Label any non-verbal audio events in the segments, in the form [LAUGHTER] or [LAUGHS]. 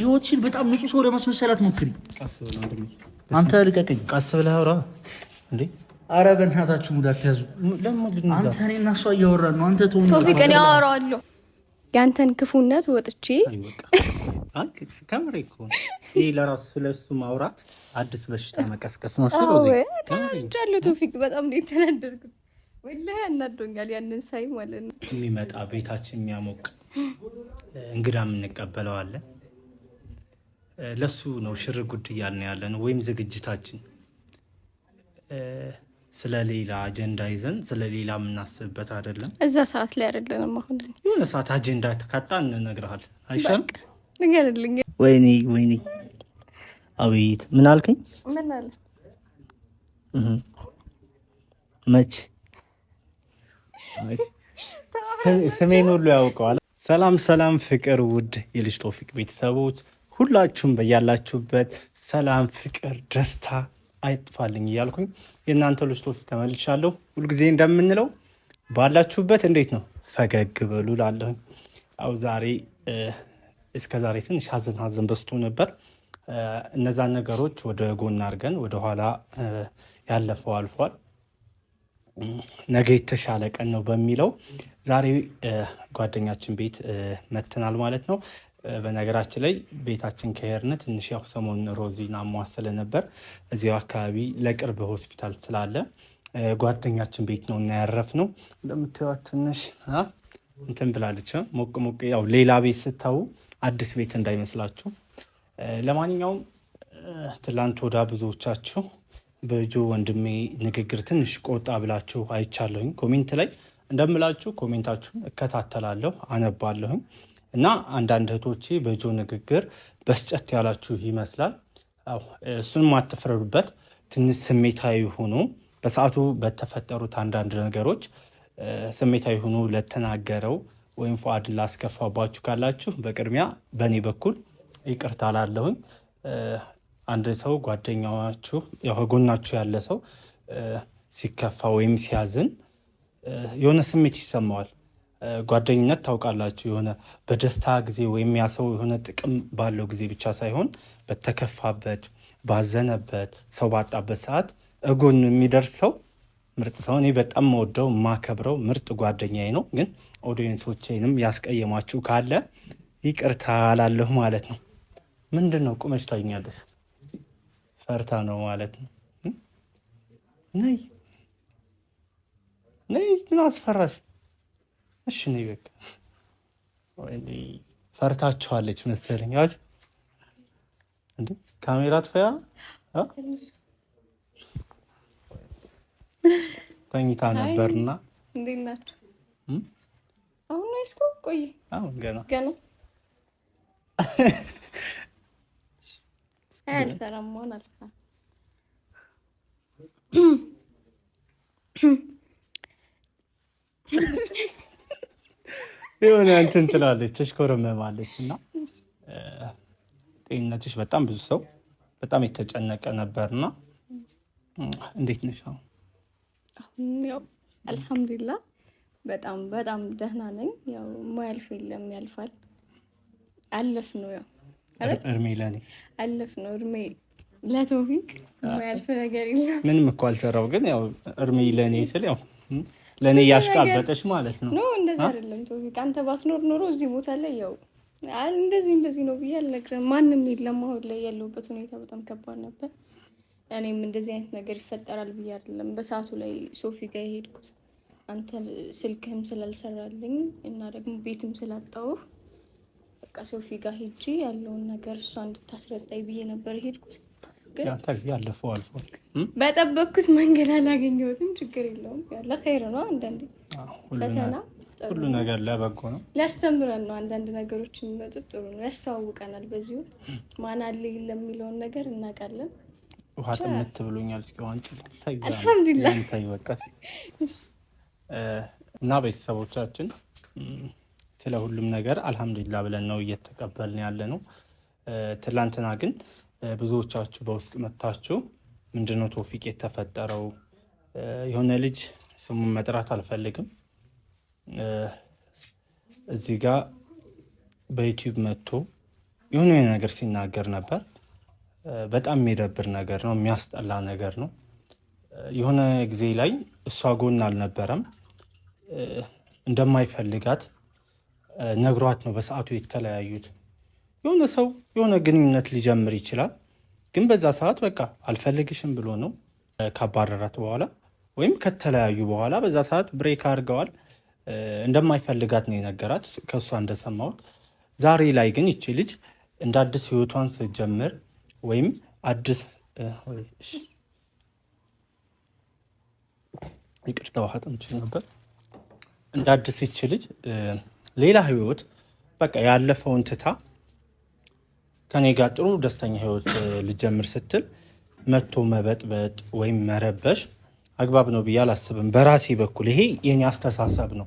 ህይወትሽን በጣም ንጹህ ሰው ለማስመሰል አትሞክሪ። አንተ ልቀቀኝ። ቀስ ብለህ አውራ እንዴ! አረ በእናታችሁ ሙድ አትያዙ። አንተ እኔ እና እሷ እያወራን ነው። አንተ ቶፊቅ እኔ አወራዋለሁ። ያንተን ክፉነት ወጥቼ ከምሬ እኮ ይህ ለራሱ ስለሱ ማውራት አዲስ በሽታ መቀስቀስ መስሎ ቶፊቅ በጣም ነው የተናደድኩት። ወላሂ ያናዶኛል ያንን ሳይ ማለት ነው። የሚመጣ ቤታችን የሚያሞቅ እንግዳ የምንቀበለው ለሱ ነው ሽር ጉድ እያልን ያለ ነው። ወይም ዝግጅታችን ስለሌላ አጀንዳ ይዘን ስለሌላ የምናስብበት አይደለም። እዛ ሰዓት ላይ አይደለንም። አሁን የሆነ ሰዓት አጀንዳ ተካጣ እንነግርሃል። አይሻልም? ንገርልኝ። ወይኔ ወይኔ፣ አቤት! ምን አልከኝ? ምን አለ? መች ስሜን ሁሉ ያውቀዋል። ሰላም ሰላም፣ ፍቅር ውድ የልጅ ቶፊቅ ቤተሰቦች ሁላችሁም በያላችሁበት ሰላም፣ ፍቅር፣ ደስታ አይጥፋልኝ እያልኩኝ የእናንተ ልጅ ቶፊቅ ተመልሻለሁ። ሁልጊዜ እንደምንለው ባላችሁበት እንዴት ነው ፈገግ በሉ ላለሁኝ። ያው ዛሬ እስከ ዛሬ ትንሽ ሀዘን ሀዘን በስቶ ነበር። እነዛን ነገሮች ወደ ጎን አድርገን ወደኋላ ያለፈው አልፏል፣ ነገ የተሻለ ቀን ነው በሚለው ዛሬ ጓደኛችን ቤት መተናል ማለት ነው። በነገራችን ላይ ቤታችን ከሄድን ትንሽ ያው ሰሞን ሮዚ አሟት ስለነበር እዚያው አካባቢ ለቅርብ ሆስፒታል ስላለ ጓደኛችን ቤት ነው እና ነው። እንደምታዩት ትንሽ እንትን ብላለች ሞቅ ሞቅ። ያው ሌላ ቤት ስታዩ አዲስ ቤት እንዳይመስላችሁ። ለማንኛውም ትላንት ወዳ ብዙዎቻችሁ በጆ ወንድሜ ንግግር ትንሽ ቆጣ ብላችሁ አይቻለሁኝ። ኮሜንት ላይ እንደምላችሁ ኮሜንታችሁን እከታተላለሁ አነባለሁኝ። እና አንዳንድ እህቶቼ በጆ ንግግር በስጨት ያላችሁ ይመስላል። እሱን አትፍረዱበት። ትንሽ ስሜታዊ ሆኖ በሰዓቱ በተፈጠሩት አንዳንድ ነገሮች ስሜታዊ ሆኖ ለተናገረው ወይም ፉአድን ላስከፋባችሁ ካላችሁ በቅድሚያ በእኔ በኩል ይቅርታ ላለሁኝ። አንድ ሰው ጓደኛችሁ ጎናችሁ ያለ ሰው ሲከፋ ወይም ሲያዝን የሆነ ስሜት ይሰማዋል። ጓደኝነት ታውቃላችሁ፣ የሆነ በደስታ ጊዜ ወይም ያሰው የሆነ ጥቅም ባለው ጊዜ ብቻ ሳይሆን በተከፋበት፣ ባዘነበት፣ ሰው ባጣበት ሰዓት እጎን የሚደርስ ሰው ምርጥ ሰው እኔ በጣም መወደው የማከብረው ምርጥ ጓደኛዬ ነው። ግን ኦዲየንሶቼንም ያስቀየማችሁ ካለ ይቅርታ አላለሁ ማለት ነው። ምንድን ነው ቁመች ታኛለስ? ፈርታ ነው ማለት ነው። ነይ ነይ፣ ምን አስፈራሽ? እሺ ነው በቃ ፈርታችኋለች መሰለኝ። አጭ እንዴ ካሜራ ትፈያ ተኝታ ነበርና እንዴት ናችሁ? አሁን እስኮ ቆይ አሁን ገና ገና [LAUGHS] አልፈራም መሆን አልፈራም። [LAUGHS] የሆነ እንትን ትላለች ተሽኮረመማለች። እና ጤንነትሽ በጣም ብዙ ሰው በጣም የተጨነቀ ነበር እና እንዴት ነሽ አሁን? ያው አልሐምዱሊላ በጣም በጣም ደህና ነኝ። ያው ማያልፍ የለም ያልፋል። አለፍ ነው ያው እርሜ ለኔ አለፍ ነው እርሜ ለቶፊክ ማያልፍ ነገር የለም። ምንም እኮ አልሰራው ግን ያው እርሜ ለኔ ስል ያው ለእኔ እያሽቃበጠች ማለት ነው። እንደዚህ አይደለም ቶፊቅ፣ አንተ ባስኖር ኖሮ እዚህ ቦታ ላይ ያው እንደዚህ እንደዚህ ነው ብዬ አልነግርህም። ማንም የለም። አሁን ላይ ያለሁበት ሁኔታ በጣም ከባድ ነበር። እኔም እንደዚህ አይነት ነገር ይፈጠራል ብዬ አይደለም በሰዓቱ ላይ ሶፊ ጋር የሄድኩት አንተ ስልክህም ስላልሰራልኝ እና ደግሞ ቤትም ስላጣውህ በቃ ሶፊ ጋር ሄጄ ያለውን ነገር እሷ እንድታስረዳኝ ብዬ ነበር የሄድኩት ያለፈው አልፎ በጠበቅኩት መንገድ አላገኘሁትም። ችግር የለውም። ያለ ኸይር ነው። አንዳንድ ፈተና ሁሉ ነገር ለበጎ ነው። ሊያስተምረን ነው። አንዳንድ ነገሮች የሚመጡት ጥሩ ነው። ያስተዋውቀናል። በዚሁ ማን አለ የሚለውን ነገር እናውቃለን። ውሃ ጥምት ብሎኛል። እስኪ ዋንጭ እና ቤተሰቦቻችን ስለ ሁሉም ነገር አልሐምዱሊላህ ብለን ነው እየተቀበልን ያለ ነው። ትላንትና ግን ብዙዎቻችሁ በውስጥ መታችሁ ምንድነው ቶፊቅ የተፈጠረው? የሆነ ልጅ ስሙን መጥራት አልፈልግም። እዚህ ጋ በዩቲዩብ መጥቶ የሆነ ነገር ሲናገር ነበር። በጣም የሚደብር ነገር ነው፣ የሚያስጠላ ነገር ነው። የሆነ ጊዜ ላይ እሷ ጎን አልነበረም፣ እንደማይፈልጋት ነግሯት ነው በሰዓቱ የተለያዩት። የሆነ ሰው የሆነ ግንኙነት ሊጀምር ይችላል። ግን በዛ ሰዓት በቃ አልፈልግሽም ብሎ ነው ካባረራት በኋላ ወይም ከተለያዩ በኋላ በዛ ሰዓት ብሬክ አድርገዋል። እንደማይፈልጋት ነው የነገራት ከእሷ እንደሰማሁት። ዛሬ ላይ ግን ይቺ ልጅ እንደ አዲስ ህይወቷን ስትጀምር ወይም አዲስ ይቅርታ ነበር እንደ አዲስ ይቺ ልጅ ሌላ ህይወት በቃ ያለፈውን ትታ ከኔ ጋር ጥሩ ደስተኛ ህይወት ልጀምር ስትል መቶ መበጥበጥ ወይም መረበሽ አግባብ ነው ብዬ አላስብም። በራሴ በኩል ይሄ የኔ አስተሳሰብ ነው።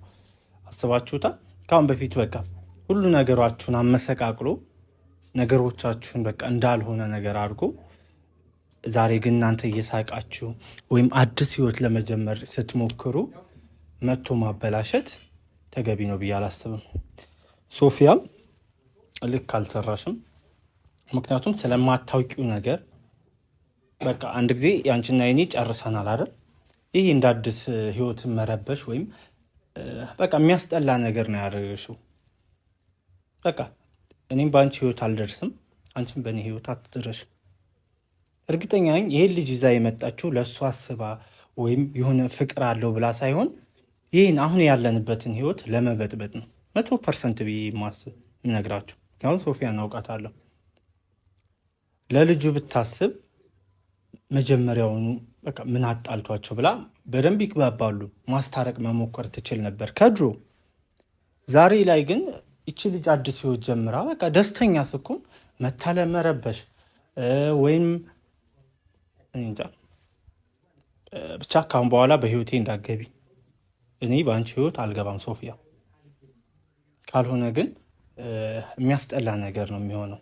አስባችሁታ ከአሁን በፊት በቃ ሁሉ ነገሯችሁን አመሰቃቅሎ ነገሮቻችሁን በቃ እንዳልሆነ ነገር አድርጎ ዛሬ ግን እናንተ እየሳቃችሁ ወይም አዲስ ህይወት ለመጀመር ስትሞክሩ መቶ ማበላሸት ተገቢ ነው ብዬ አላስብም። ሶፊያም ልክ አልሰራሽም። ምክንያቱም ስለማታውቂው ነገር በቃ አንድ ጊዜ ያንቺና የኔ ጨርሰናል አይደል? ይህ እንደ አዲስ ህይወት መረበሽ ወይም በቃ የሚያስጠላ ነገር ነው ያደረገሽው። በቃ እኔም በአንቺ ህይወት አልደርስም፣ አንቺም በእኔ ህይወት አትደረሽ። እርግጠኛ ነኝ ይሄን ልጅ ይዛ የመጣችው ለእሱ አስባ ወይም የሆነ ፍቅር አለው ብላ ሳይሆን ይህን አሁን ያለንበትን ህይወት ለመበጥበጥ ነው። መቶ ፐርሰንት ብዬ የማስብ እነግራችሁ። ምክንያቱም ሶፊያን አውቃታለሁ። ለልጁ ብታስብ መጀመሪያውኑ በቃ ምን አጣልቷቸው ብላ በደንብ ይግባባሉ። ማስታረቅ መሞከር ትችል ነበር ከድሮ። ዛሬ ላይ ግን ይቺ ልጅ አዲስ ሕይወት ጀምራ በቃ ደስተኛ ስኩን መታለመረበሽ ወይም ብቻ ካሁን በኋላ በህይወቴ እንዳገቢ እኔ በአንቺ ህይወት አልገባም ሶፊያ፣ ካልሆነ ግን የሚያስጠላ ነገር ነው የሚሆነው።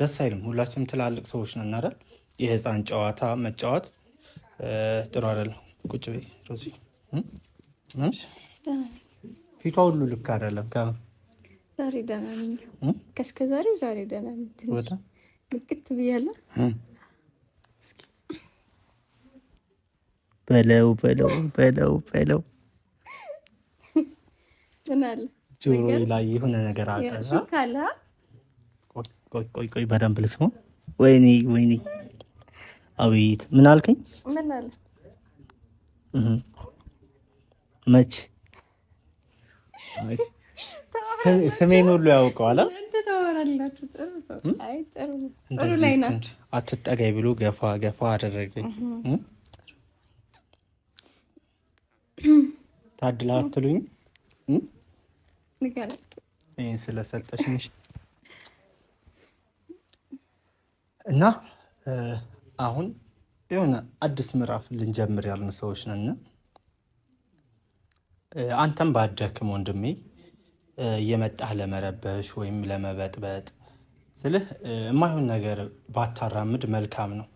ደስ አይልም። ሁላችንም ትላልቅ ሰዎች ነን አይደል? የህፃን ጨዋታ መጫወት ጥሩ አይደለም። ቁጭ በይ ሮዚ። ፊቷ ሁሉ ልክ አይደለም። ዛሬ ደህና ነኝ፣ ከእስከ ዛሬው ዛሬ ደህና ነኝ። ልቅት ብያለሁ። በለው በለው በለው በለው ጆሮ ላይ የሆነ ነገር አለ ቆይ ቆይ ቆይ በደንብ ልስሙ። ወይኔ ወይኔ፣ አቤት! ምን አልከኝ? ምን አለ? መች መች ስሜን ሁሉ ያውቀዋል። አትጠጋይ ብሎ ገፋ ገፋ አደረገኝ። ታድላ አትሉኝ? ይህን ስለሰጠሽኝ እና አሁን የሆነ አዲስ ምዕራፍ ልንጀምር ያልን ሰዎች ነን። አንተም ባደክም ወንድሜ እየመጣህ ለመረበሽ ወይም ለመበጥበጥ ስልህ የማይሆን ነገር ባታራምድ መልካም ነው።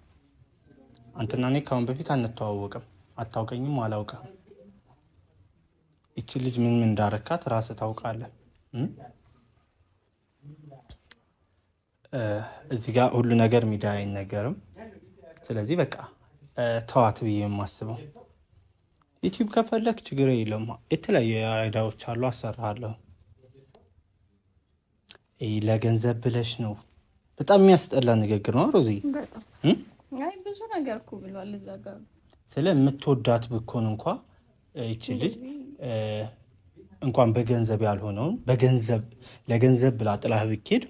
አንተና እኔ ካሁን በፊት አንተዋወቅም፣ አታውቀኝም፣ አላውቅም። ይቺ ልጅ ምን ምን እንዳረካት ራስህ ታውቃለህ። እዚ ጋ ሁሉ ነገር ሚዲያ አይነገርም። ስለዚህ በቃ ተዋት ብዬ የማስበው ዩቲዩብ ከፈለክ ችግር የለም። የተለያዩ አይዳዎች አሉ፣ አሰራለሁ። ለገንዘብ ብለሽ ነው። በጣም የሚያስጠላ ንግግር ነው ሮዚ። ብዙ ነገር እኮ ብሏል እዛ ብኮን እንኳ ይች ልጅ እንኳን በገንዘብ ያልሆነውን በገንዘብ ለገንዘብ ብላ ጥላህ ብኬድ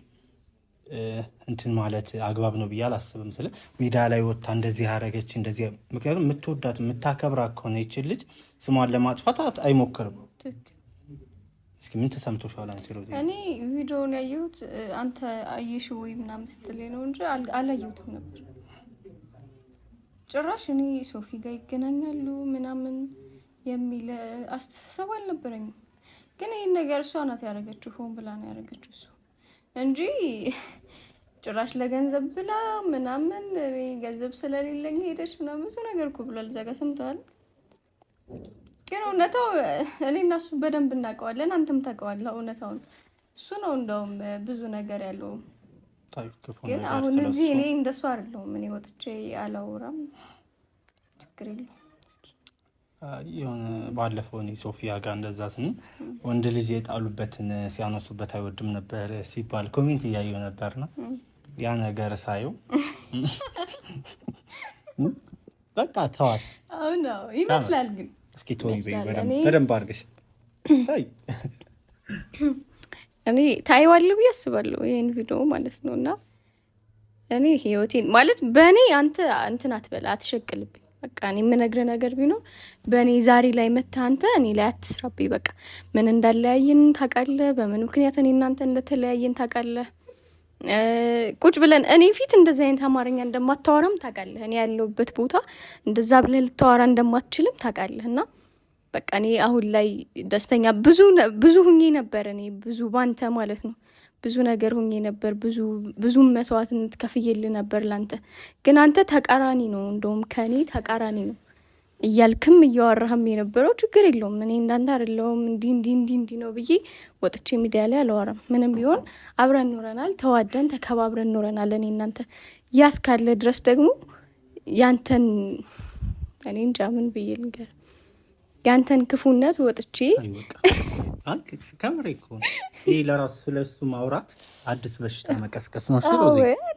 እንትን ማለት አግባብ ነው ብዬ አላስብም። ስለ ሜዳ ላይ ወጥታ እንደዚህ ያረገች እንደዚህ ምክንያቱም የምትወዳት የምታከብራ ከሆነ ይችል ልጅ ስሟን ለማጥፋት አይሞክርም። እስኪ ምን ተሰምቶሻል? አንቺ እኔ ቪዲዮውን ያየሁት አንተ አየሽ ወይ ምናምን ስትለኝ ነው እንጂ አላየሁትም ነበር ጭራሽ። እኔ ሶፊ ጋር ይገናኛሉ ምናምን የሚል አስተሳሰብ አልነበረኝም። ግን ይህን ነገር እሷ ናት ያደረገችው፣ ሆን ብላ ነው ያደረገችው እሱ እንጂ ጭራሽ ለገንዘብ ብላ ምናምን ገንዘብ ስለሌለኝ ሄደች ምናምን ብዙ ነገር እኮ ብሏል። እዛ ጋር ሰምተዋል። ግን እውነታው እኔ እና እሱ በደንብ እናውቀዋለን። አንተም ታውቀዋለህ እውነታውን። እሱ ነው እንደውም ብዙ ነገር ያለው። ግን አሁን እዚህ እኔ እንደሱ አይደለሁም። እኔ ወጥቼ አላወራም፣ ችግር የለውም። የሆነ ባለፈው እኔ ሶፊያ ጋር እንደዛ ስን ወንድ ልጅ የጣሉበትን ሲያነሱበት አይወድም ነበር ሲባል ኮሜንት እያየው ነው ያ ነገር ሳየው በቃ ተዋት ይመስላል። ግን እስኪ በደንብ አድርገሽ እኔ ታይዋለሁ ብዬ አስባለሁ ይህን ቪዲዮ ማለት ነው። እና እኔ ህይወቴን ማለት በእኔ አንተ እንትን አትበላ አትሸቅልብኝ በቃ እኔ የምነግርህ ነገር ቢኖር በእኔ ዛሬ ላይ መታ አንተ እኔ ላይ አትስራብኝ። በቃ ምን እንዳለያየን ታውቃለህ፣ በምን ምክንያት እኔ እናንተ እንደተለያየን ታውቃለህ። ቁጭ ብለን እኔ ፊት እንደዚህ አይነት አማርኛ እንደማታወራም ታውቃለህ። እኔ ያለሁበት ቦታ እንደዛ ብለህ ልታወራ እንደማትችልም ታውቃለህ። እና በቃ እኔ አሁን ላይ ደስተኛ ብዙ ብዙ ሁኜ ነበር እኔ ብዙ ባንተ ማለት ነው ብዙ ነገር ሁኜ ነበር፣ ብዙ ብዙም መስዋዕትነት ከፍዬልህ ነበር ላንተ። ግን አንተ ተቃራኒ ነው፣ እንደውም ከእኔ ተቃራኒ ነው እያልክም እያወራህም የነበረው ችግር የለውም እኔ እንዳንተ አይደለሁም እንዲህ እንዲህ እንዲህ እንዲህ ነው ብዬ ወጥቼ ሚዲያ ላይ አላወራም። ምንም ቢሆን አብረን ኖረናል፣ ተዋደን ተከባብረን ኖረናል። እኔ እናንተ ያስካለ ድረስ ደግሞ ያንተን እኔ እንጃ ምን ብዬ ልንገር ያንተን ክፉነት ወጥቼ ከምሬ እኮ ነው። ይህ ለራሱ ስለሱ ማውራት አዲስ በሽታ መቀስቀስ ነው።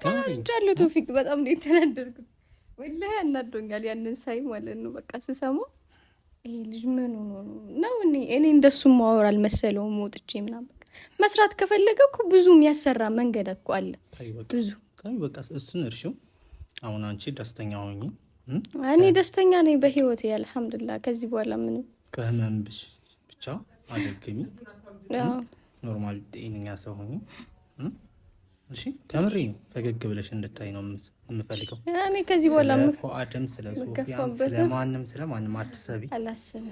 ተናድጃለሁ በጣም ነው የተናደድኩት። ወላሂ አናዶኛል። ያንን ሳይ ማለት ነው በቃ ስሰማው ይህ ልጅ ምን ሆኖ ነው? እኔ እኔ እንደሱ ማወር አልመሰለው መውጥቼ ምናም መስራት ከፈለገ እኮ ብዙ የሚያሰራ መንገድ እኮ አለ። ብዙ በቃ እሱን እርሺው። አሁን አንቺ ደስተኛ ሆኝ። እኔ ደስተኛ ነኝ በህይወቴ አልሐምዱሊላህ። ከዚህ በኋላ ምንም ከህመም ብቻ አደግሚ ኖርማል ጤነኛ ሰው ሆኚ። እሺ ከምሬ ፈገግ ብለሽ እንድታይ ነው የምፈልገው። እኔ ከዚህ በኋላ ፎአድም ስለ ሶፊያም ስለ ስለማንም ስለ አትሰቢ። አላስብም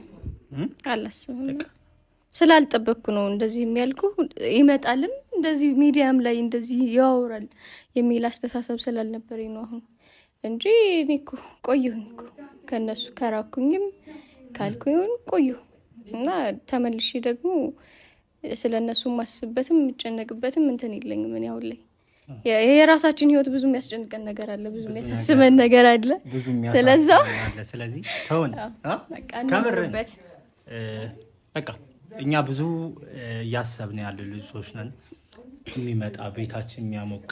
አላስብም። ስላልጠበቅኩ ነው እንደዚህ የሚያልኩ ይመጣልም እንደዚህ ሚዲያም ላይ እንደዚህ ያወራል የሚል አስተሳሰብ ስላልነበር ነው አሁን እንጂ እኔ እኮ ቆየሁኝ እኮ ከእነሱ ከራኩኝም ካልኩኝ ቆየሁ። እና ተመልሼ ደግሞ ስለ እነሱ ማስብበትም የምጨነቅበትም እንትን የለኝም። ምን ያሁን ላይ ይሄ የራሳችን ህይወት ብዙ የሚያስጨንቀን ነገር አለ፣ ብዙ የሚያሳስበን ነገር አለ። ስለዛ ስለዚህ ተውን ከምርበት በቃ እኛ ብዙ እያሰብን ያሉ ልጆች ነን። የሚመጣ ቤታችን የሚያሞቅ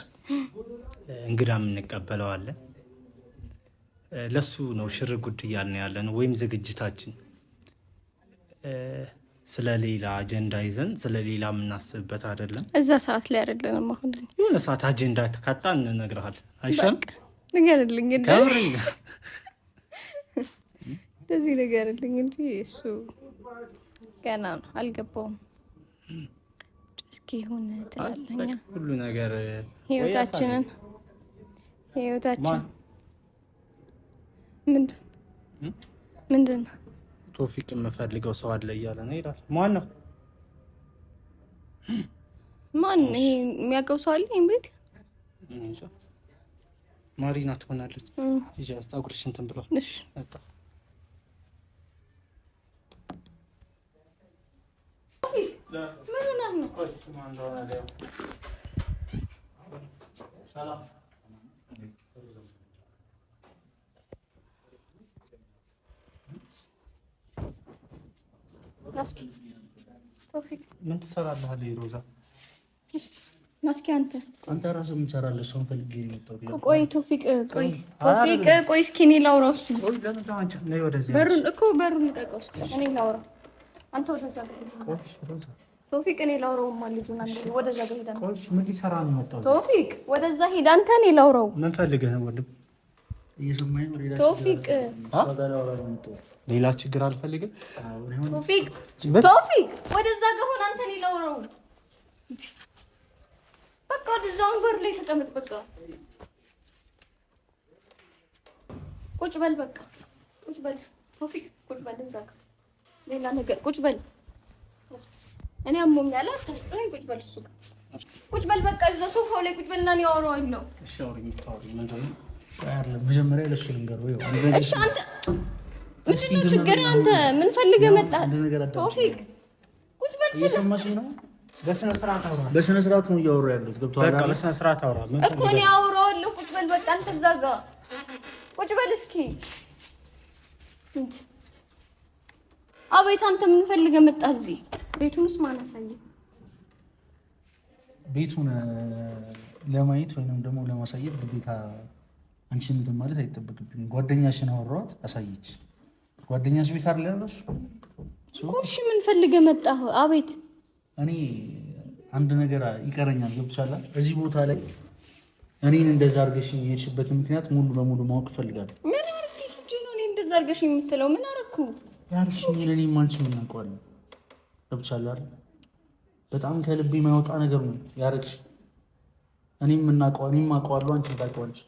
እንግዳ የምንቀበለዋለን። ለሱ ነው ሽር ጉድ እያልን ያለ ወይም ዝግጅታችን ስለ ሌላ አጀንዳ ይዘን ስለ ሌላ የምናስብበት አይደለም። እዛ ሰዓት ላይ አይደለንም። አሁን የሆነ ሰዓት አጀንዳ ተካጣ እንነግርሃል። አይሻልም? ንገርልኝ [LAUGHS] እንደዚህ ንገርልኝ እንጂ እሱ ገና ነው አልገባውም። እስኪ ይሁን ትላለኛ ሁሉ ነገር ህይወታችንን ህይወታችን ምንድን ምንድን ነው ቶፊቅ የምፈልገው ሰው አለ እያለ ነው ይላል። ማን ነው ማን? የሚያውቀው ሰው አለ ቤት ማሪና ትሆናለች። ይዤ ፀጉርሽ እንትን ብሏል። እሺ ምን ነው ናስኪ ቶፊቅ ምን ትሰራለህ? ሮዛ ናስኪ አንተ አንተ ራስህ ምን ትሰራለህ? ሰውን ፈልጌ ነው የወጣሁት። ቆይ ቶፊቅ ቆይ ቶፊቅ ቆይ እስኪ እኔ ላውራ። እሱ በሩን እኮ በሩን ልቀቀው እስኪ እኔ ላውራ። አንተ ወደዛ ቶፊቅ እኔ ላውራውማ ልጁን ወደዛ ሄዳ ቶፊቅ ወደዛ ሄዳ አንተ እኔ ላውራው ምን ፈልገህ ነው ወንድም ቶፊቅ ሌላ ችግር አልፈልግም። ቶፊቅ ቶፊቅ ወደዛ ከሆነ አንተ ሌላ ወረው በቃ ወደዛው ወንበር ላይ ተቀመጥ። በቃ ቁጭ በል፣ በቃ ቁጭ በል ቶፊቅ፣ ቁጭ በል እዛ ሌላ ነገር ቁጭ በል። እኔ አሞኛል፣ አታስጨነኝ። ቁጭ በል እሱ ጋር ቁጭ በል፣ በቃ እዛ ሶፋው ላይ ቁጭ በል እና እኔ አወራዋለሁ። እሺ አውሪኝ፣ ታውሪኝ ምንድን ነው መጀመሪያ ለሱ ልንገር። ምንድነው ችግር? አንተ ምን ፈልገህ መጣህ? ቶፊቅ ቁጭ በል እየሰማሽኝ ነው? በስነ ስርዓት ነው እያወሩ ያሉት። ገብቶሃል? በስነ ስርዓት አውራ እኮ እኔ አውራዋለሁ። ቁጭ በል በቃ። አንተ እዛ ጋ ቁጭ በል እስኪ። አቤት፣ አንተ ምን ፈልገህ መጣህ እዚህ? ቤቱንስ ማን አሳየህ? ቤቱን ለማየት ወይንም ደግሞ ለማሳየት ግዴታ አንቺን እንትን ማለት አይጠበቅብኝም። ጓደኛሽን አወራኋት፣ አሳየች። ጓደኛሽ ቤት አለ ያለሽ ቁሽ ምን ፈልገህ መጣህ? አቤት እኔ አንድ ነገር ይቀረኛል። ገብቻላ እዚህ ቦታ ላይ እኔን እንደዛ አድርገሽ የሄድሽበትን ምክንያት ሙሉ በሙሉ ማወቅ እፈልጋለሁ። ምን አድርጌሽ እንጂ ነው እኔ እንደዛ አድርገሽ የምትለው? ምን አደረኩ? እኔም ገብቻላ በጣም ከልብ የማይወጣ ነገር ነው ያደረግሽ። እኔም እናውቀዋለን፣ እኔም አውቀዋለሁ፣ አንቺም ታውቂዋለሽ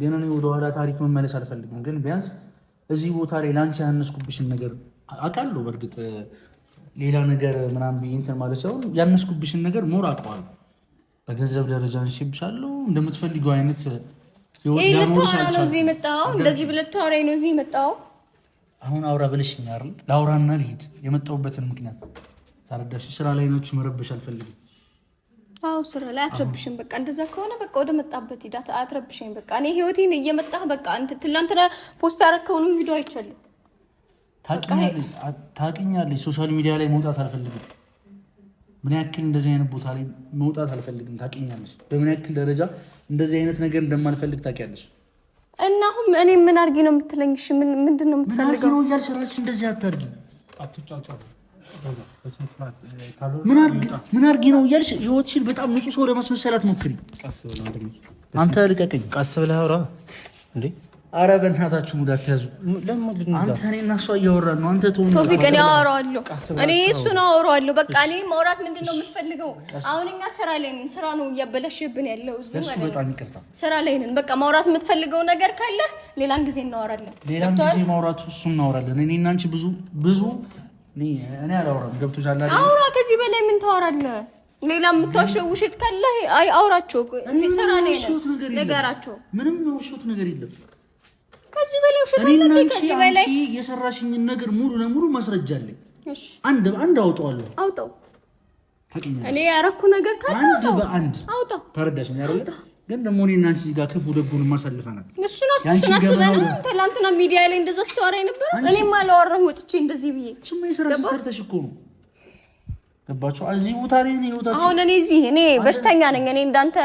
ግን እኔ ወደኋላ ታሪክ መመለስ አልፈልግም። ግን ቢያንስ እዚህ ቦታ ላይ ለአንቺ ያነስኩብሽን ነገር አውቃለሁ። በእርግጥ ሌላ ነገር ምናምን ብዬሽ እንትን ማለት ሳይሆን ያነስኩብሽን ነገር ሞር አውቀዋለሁ። በገንዘብ ደረጃ አንሽብሻለሁ። እንደምትፈልገው አይነት ነው አሁን አውራ ብለሽኛል። ለአውራና ልሂድ የመጣሁበትን ምክንያት ታረዳሽ። ስራ ላይ ናችሁ፣ መረበሽ አልፈልግም። አዎ ስራ ላይ አትረብሽኝ። በቃ እንደዛ ከሆነ በቃ ወደ መጣበት ሂዳት አትረብሽኝ። በቃ እኔ ህይወቴን እየመጣህ በቃ ትላንትና ፖስት አረከውንም ቪዲዮ አይቻልም። ታውቂኛለሽ፣ ሶሻል ሚዲያ ላይ መውጣት አልፈልግም። ምን ያክል እንደዚህ አይነት ቦታ ላይ መውጣት አልፈልግም። ታውቂኛለሽ፣ በምን ያክል ደረጃ እንደዚህ አይነት ነገር እንደማልፈልግ ታውቂያለሽ። እና አሁን እኔ ምን አድርጊ ነው የምትለኝ? ምንድን ነው የምትፈልገው? ምን አድርጊ ነው እያልሽ ራስሽ እንደዚህ አታድርጊ፣ አትጫጫ ምን አድርጌ ነው እያልሽ ህይወትሽን በጣም ንጹህ ሰው ለማስመሰል አትሞክሪ። አንተ ልቀቀኝ፣ ቀስ ብለህ አውራ አረ በእናታችሁ ሙድ አትያዙ። አንተ እኔ እና እሷ እያወራን ነው። አንተ ትሆን ቶፊቅ፣ እኔ አወራዋለሁ፣ እኔ እሱን አወራዋለሁ። በቃ እኔ ማውራት ምንድን ነው የምትፈልገው? አሁን እኛ ስራ ላይ ነን። ስራ ነው እያበላሽብን ያለው እዚህ በጣም ይቅርታ፣ ስራ ላይ ነን። በቃ ማውራት የምትፈልገው ነገር ካለ ሌላን ጊዜ እናወራለን። ሌላን ጊዜ ማውራቱ እሱን እናወራለን። እኔ እና አንቺ ብዙ ብዙ እኔ አላወራም። ገብቶሻል አይደል? አውራ። ከዚህ በላይ ምን ታወራለህ? ሌላ የምታወሸው ውሸት ካለ አውራቸው። የሚሰራ ነገራቸው ምንም ውሸት ነገር የለም። ከዚህ በላይ ውሸት አለ? ከዚህ በላይ የሰራሽኝን ነገር ሙሉ ለሙሉ ማስረጃ አለኝ። አንድ በአንድ አውጣዋለሁ። አውጣው። እኔ ያረኩ ነገር ካለ አንድ በአንድ አውጣው። ተረዳሽ? ግን ደግሞ እኔ እና አንቺ እዚህ ጋር ክፉ ደጉን ማሳልፈናል። እሱን አስበን ትናንትና ሚዲያ ላይ እንደዛ ስተዋራ የነበረ እኔም አላወራሁም ወጥቼ እንደዚህ ብዬ ሰርተሽ እኮ ነው ገባቸው። እዚህ ቦታ ላይ እኔ ህይወታችሁ አሁን እኔ እዚህ እኔ በሽተኛ ነኝ። እኔ እንዳንተ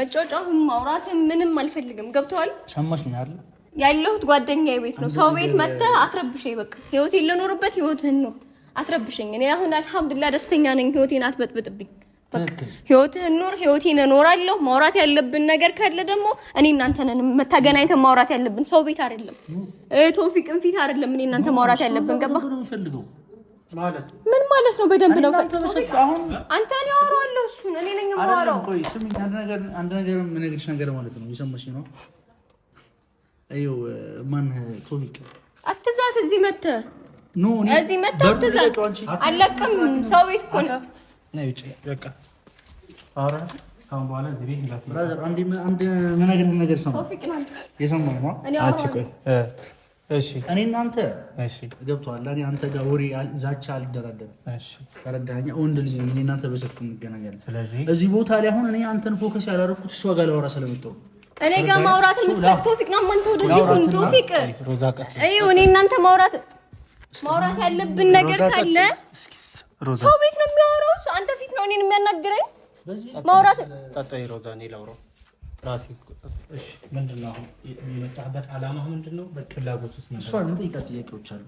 መጫወጫሁም ማውራትም ምንም አልፈልግም። ገብተዋል። ሰማሽኝ አይደል? ያለሁት ጓደኛ ቤት ነው። ሰው ቤት መተህ አትረብሸኝ። በቃ ህይወቴን ልኖርበት፣ ህይወትህን ነው አትረብሸኝ። እኔ አሁን አልሐምዱላ ደስተኛ ነኝ። ህይወቴን አትበጥብጥብኝ። ህይወትህን ኑር፣ ህይወቴን እኖራለሁ። ማውራት ያለብን ነገር ካለ ደግሞ እኔ እናንተ ነን ተገናኝተን ማውራት ያለብን፣ ሰው ቤት አይደለም፣ ቶፊቅን ፊት አይደለም። እኔ እናንተ ማውራት ያለብን ገባ? ምን ማለት ነው? በደንብ ነው። አንተ እኔ አወራዋለሁ፣ እሱን እኔ ነኝ የማወራው። አንድ ነገር የምነግርሽ ነገር ማለት ነው፣ የሰማሽ ነው። ማን ቶፊቅ አትዛት፣ እዚህ መተህ፣ እዚህ መተህ አትዛት። አለቅም ሰው ቤት እኮ ነው ነው ውጭ በቃ ኧረ ካሁን በኋላ እዚህ ቤት እንዳትመጣ። ነገር ሰማ እኔ እናንተ እሺ፣ ገብቶሃል። እኔ አንተ ጋር ወሬ ዛቻ አልደራደርም። ተረዳኸኝ? ወንድ ልጅ እኔ እናንተ በሰፊው እንገናኛለን። ስለዚህ እዚህ ቦታ ላይ አሁን እኔ አንተን ፎከስ ያላደረኩት እሷ ጋር ላወራ ስለመጣሁ እኔ ጋር ማውራት የምትፈልግ ቶፊቅ ነው። አንተ ወደዚህ ሁን ቶፊቅ። እኔ እናንተ ማውራት ማውራት ያለብን ነገር ካለ ሮዛ ሰው ቤት ነው የሚያወራው። አንተ ፊት ነው እኔን የሚያናግረኝ። ማውራት ጠጣይ ሮዛ እኔ ላውራው ራሴ። እሺ ምንድን ነው አሁን የመጣህበት ዓላማ ምንድን ነው? በፍላጎት ውስጥ እሷን የምጠይቃት ጥያቄዎች አሉ።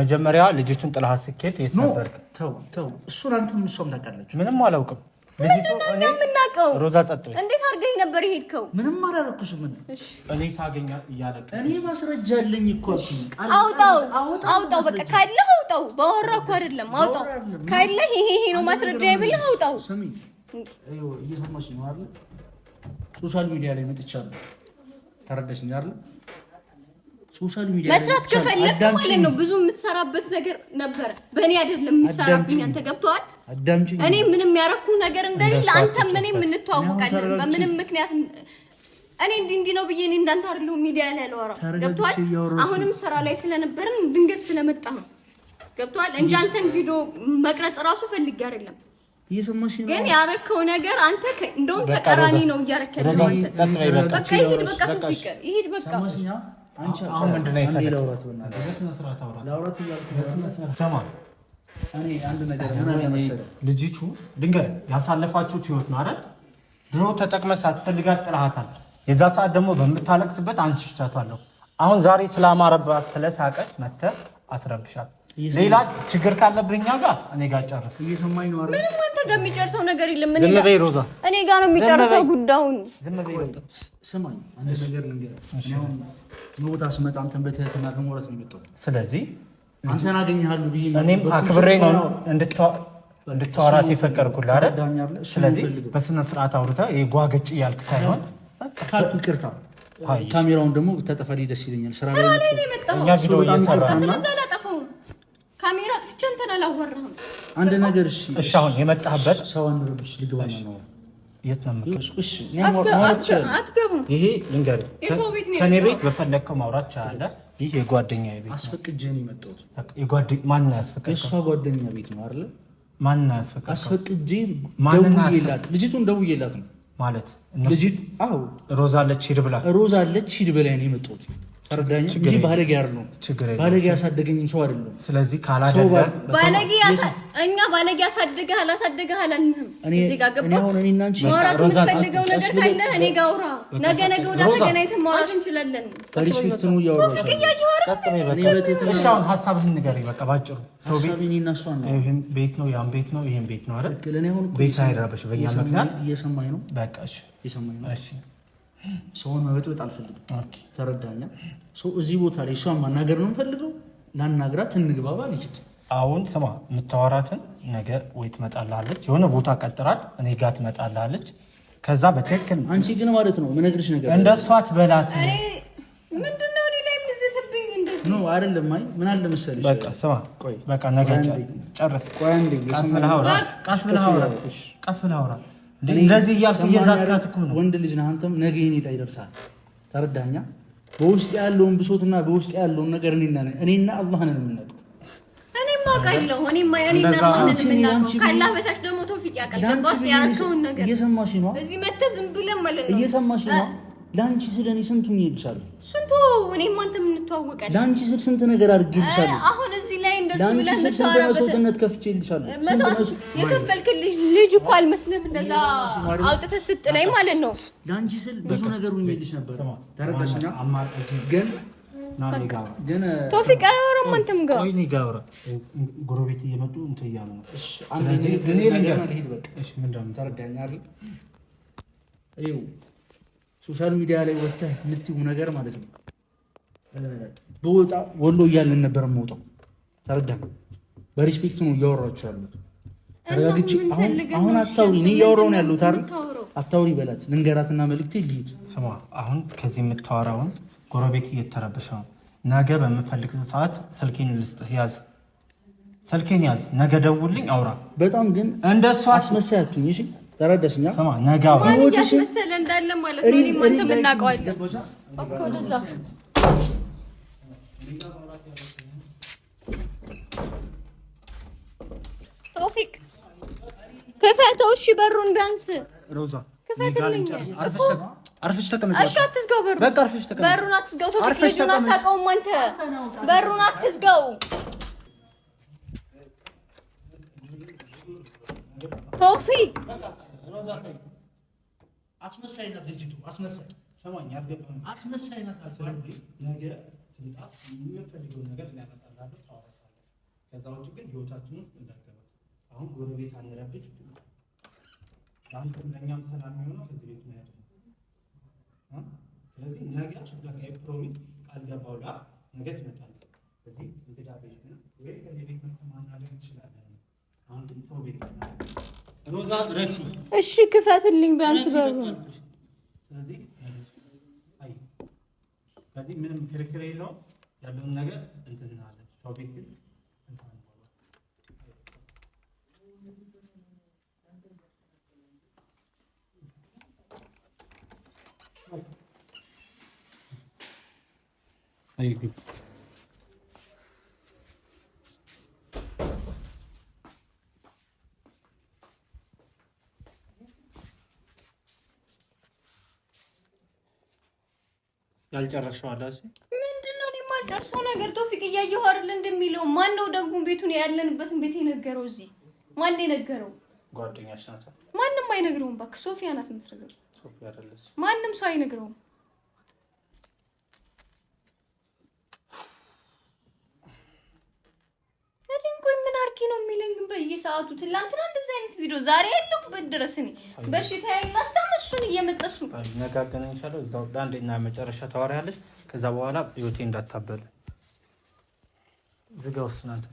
መጀመሪያ ልጅቱን ጥላሃት ስትሄድ የት ነበርክ? ተው ተው፣ እሱን አንተም እሷም ታውቃለች። ምንም አላውቅም የምናውቀው ሮዛ ጸጥ በይ። እንዴት አድርገኝ ነበር የሄድከው? ምንም አላደረኩሽም። እኔ ሳገኛ እኔ ማስረጃ አለኝ እኮ አውጣው፣ አውጣው፣ በቃ አውጣው። ባወራ እኮ አይደለም አውጣው፣ ይሄ ይሄ ነው ማስረጃ አውጣው። ስሚ፣ እየሰማሽ ነው አይደል? ሶሻል ሚዲያ ላይ መጥቻለሁ። ተረዳሽኝ አይደል? ሶሻል ሚዲያ መስራት ከፈለክ ማለት ነው ብዙ የምትሰራበት ነገር ነበረ። በእኔ አይደለም የምትሰራብኝ አንተ ገብቶሃል አዳምጪ። እኔ ምንም ያረኩ ነገር እንደሌለ አንተም እኔም እንተዋወቃለን። በምንም ምክንያት እኔ እንዲህ እንዲህ ነው ብዬ እኔ እንዳንተ አይደለሁ ሚዲያ ላይ አላወራም። ገብቶሃል? አሁንም ስራ ላይ ስለነበርን ድንገት ስለመጣ ነው። ገብቶሃል? እንጂ አንተን ቪዲዮ መቅረጽ እራሱ ፈልጌ አይደለም። ግን ያረከው ነገር አንተ እንደውም ተቀራኒ ነው እያረከ ያለው። በቃ ይሄድ፣ በቃ ቶፊቅ ይሄድ፣ በቃ አንቺ አሁን ምንድን ነው የፈለገው? እኔ አንድ ነገር ምን አለ መሰለህ፣ ልጅቹ ድንገር ያሳለፋችሁት ህይወት ነው አይደል? ድሮ ተጠቅመህ ሳትፈልጋት ጥላሃታል። የዛ ሰዓት ደግሞ በምታለቅስበት አንስቻታለሁ። አሁን ዛሬ ስላማረባት ስለሳቀች መተህ አትረብሻል። ሌላ ችግር ካለብህ እኛ ጋር እኔ ጋር ጨርስ። እየሰማኝ ነው አይደል? ምንም አንተ ጋር የሚጨርሰው ነገር የለም። ዝም በይ ሮዛ፣ እኔ ጋር ነው የሚጨርሰው ጉዳዩን። ዝም በይ ስማኝ፣ አንድ ነገር ልንገርህ። መውጣት ስመጣ አንተን በትህትና ከመውረስ ነው የመጣሁት። ስለዚህ አንተን አገኘሃሉ እኔም አክብሬ ነው እንድታወራት የፈቀድኩልህ አይደል? ስለዚህ በስነ ስርዓት አውርታ የጓገጭ እያልክ ሳይሆን ካልኩ ይቅርታ። ካሜራውን ደግሞ ተጠፈሪ ደስ ይለኛል። ስራ ላይ ነው የመጣሁት። ካሜራ አንድ ነገር እሺ፣ እሺ። አሁን የመጣህበት ሰው አንረብሽ ልግባ ነው የት ነው የምትቀበለው? ይሄ ልንገርህ፣ ከኔ ቤት በፈለግከው ማውራት ቻለ ይህ የጓደኛ ቤት አስፈቅጄ ነው የመጣሁት። ማንን ያስፈቅድ? እሷ ጓደኛ ቤት ነው አይደለ? ማንን ያስፈቅድ? አስፈቅጄ ደውዬላት፣ ልጅቱን ደውዬላት ነው ማለት ልጅቱ ሮዛ አለች ሂድ ብላ ሮዛ አለች ሂድ ብላ ነው የመጣሁት። ረዳኝ እንጂ ባለጌ አይደለሁም። ባለጌ ያሳደገኝ ሰው አይደለሁም። ስለዚህ እኛ ባለጌ ያሳደገህ አላሳደገህ አላልንህም። እዚህ ጋር ገባ። የምትፈልገው ነገር ካለ እኔ ጋር አውራ። ነገ ነገ ወዲያ ተገናኝተን ማውራት እንችላለን። ቤት ነው ያም ቤት ነው ይሄም ቤት ነው አይደል? ቤት አይረበሽ በእኛ ምክንያት እየሰማኝ ነው። በቃ እሺ፣ እየሰማኝ ነው። እሺ እየሰማኝ ነው ሰውን መበጥበጥ አልፈልግም። ተረዳኛ። እዚህ ቦታ ላይ እሷን ማናገር ነው የምፈልገው። ላናግራት፣ እንግባባ፣ ልሂድ። አሁን ስማ፣ የምታወራትን ነገ ወይ ትመጣላለች፣ የሆነ ቦታ ቀጥራት እኔ ጋር ትመጣላለች። ከዛ በትክክል አንቺ ግን ማለት ነው የምነግርሽ ነገር እንደ እሷ ትበላት ምንድነው? እኔ ላይ የምትዝትብኝ እንደዚህ ነው አይደለም። አይ ምን አለ መሰለሽ፣ በቃ ስማ፣ ቆይ በቃ ነገ ጨርስ። ቆይ አንዴ፣ ቀስ ብለህ አውራ፣ ቀስ ብለህ አውራ፣ ቀስ ብለህ አውራ እንደዚህ እያልኩ እየዛትካት እኮ ነው። ወንድ ልጅ ነህ አንተም ነገ ይህን ይጣ ይደርሳል። ተረዳኛ። በውስጥ ያለውን ብሶትና በውስጥ ያለውን ነገር እኔና እኔና አላህ ነን የምናውቀው። እኔማ አውቃለሁ። እኔማ በታች ደግሞ ተውፊቅ ያውቃል። ገባህ? ነገር እየሰማሽ ነው። እዚህ መተህ ዝም ብለህ ማለት ነው። እየሰማሽ ነው ለአንቺ ስለ እኔ ስንቱን እሄድሻለሁ። ስንቱ እኔም አንተም እንተዋወቃለን። ለአንቺ ስል ስንት ነገር አድርጌ እልሻለሁ። አሁን እዚህ ላይ እንደሱ ብለህ መስዋዕትነት ከፍቼ እልሻለሁ። የከፈልክልሽ ልጅ እኮ አልመስልም። እንደዛ አውጥተህ ላይ ማለት ነው። ለአንቺ ስል ብዙ ነገር ሁኜ እልሽ ነበር። ተረዳሽኛ? ግን ቶፊቅ አያወራም፣ አንተም ጋር ጋር ጎረቤት እየመጡ እንትን እያሉ ነው። ነው ተረዳኸኝ አይደል? ሶሻል ሚዲያ ላይ ወጥተህ የምትይው ነገር ማለት ነው። በወጣ ወሎ እያለን ነበር የምወጣው። ተረዳ። በሪስፔክት ነው እያወራችሁ ያሉት። ተረጋግቼ አሁን አታውሪ፣ እኔ እያወራሁ ነው ያለሁት አይደል? አታውሪ በላት ልንገራትና መልዕክቴ ልሂድ። ስማ፣ አሁን ከዚህ የምታወራውን ጎረቤት እየተረበሸ ነው። ነገ በምፈልግ ሰዓት ስልኬን ልስጥህ፣ ያዝ ስልኬን ያዝ። ነገ ደውልኝ፣ አውራ። በጣም ግን እንደሱ አስመሳያቱኝ። እሺ ተረዳሽኛ? ነጋ መሰለህ እንዳለ ማለት ነው። እኔም እናውቀዋለን ቶፊቅ ክፈተው። እሺ በሩን ቢያንስ ሮዛ ክፈትልኝ። በሩን አትዝጋው ቶፊቅ ከዛ ተይ ልጅቱ። አስመሳይ ሰማኝ፣ አልገባህም? አስመሳይ ናት። ነገ ትምጣ፣ የምፈልገውን ነገር ሊያመጣላት ታወራታለህ። ከዛ ውጭ ግን ህይወታችን ውስጥ እንዳትገባ። አሁን ጎረቤት አንረብሽ፣ ለአንተም ለእኛም ሰላም የሚሆነው ከዚህ ቤት መሄድ ነው። ስለዚህ ነገ በቃ የፕሮሚስ ቃል ገባው ላ ነገ ትመጣለህ። ስለዚህ እንግዳ ቤት ወይ ከዚህ ቤት መተማናገር እንችላለን። አሁን ግን ሰው ቤት ነው ሮዛ ረፊ እሺ፣ ክፈትልኝ ቢያንስ በሩ። ስለዚህ ከዚህ ምንም ክርክር የለውም። ያለውን ነገር እንትን እንላለን። ሰው ቤት ግን አይ ያልጨረሰው አለ ምንድን ነው? አልጨርሰው ነገር ቶፊቅ እያየሁ አይደል እንደሚለው። ማን ነው ደግሞ ቤቱን ያለንበትን ቤት የነገረው? እዚህ ማን የነገረው? ጓደኛሽ ናት። ማንም አይነግረውም። እባክህ ሶፊያ ናት የምትነግረው። ማንም ሰው አይነግረውም። እኔ ምን አድርጊ ነው የሚለኝ ግን በየሰዓቱ ትላንት እንደዚህ አይነት ቪዲዮ ዛሬ ያለሁበት ድረስ እኔ በሽታ ያላስታም እሱን እየመጠሱ አነጋገናኝሻለሁ። እዛው ለአንደኛ መጨረሻ ታወሪያለሽ። ከዛ በኋላ ህይወቴ እንዳታበል ዝጋ ውስጥ ናንተ